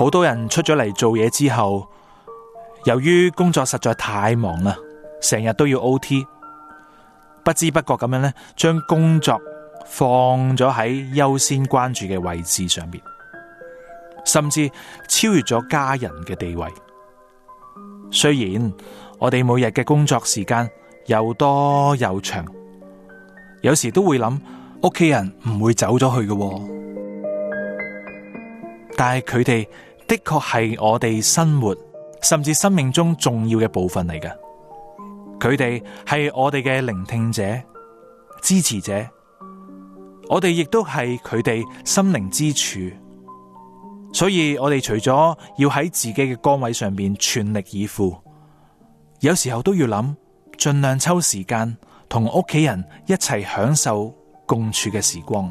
好多人出咗嚟做嘢之後，由於工作實在太忙啦，成日都要 OT，不知不覺咁樣咧，將工作放咗喺優先關注嘅位置上面，甚至超越咗家人嘅地位。雖然我哋每日嘅工作時間又多又長，有時都會諗屋企人唔會走咗去嘅，但係佢哋，的確係我哋生活甚至生命中重要嘅部分嚟㗎，佢哋係我哋嘅聆聽者、支持者，我哋亦都係佢哋心靈之柱。所以我哋除咗要喺自己嘅崗位上面全力以赴，有時候都要諗，盡量抽時間同屋企人一齊享受共處嘅時光。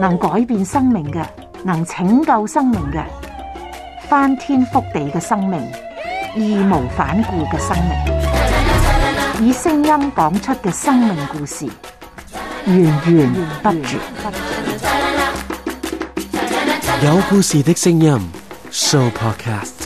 能改變生命嘅，能拯救生命嘅，翻天覆地嘅生命，義無反顧嘅生命，以聲音講出嘅生命故事，源源不絕。有故事的聲音 Sooo Podcast。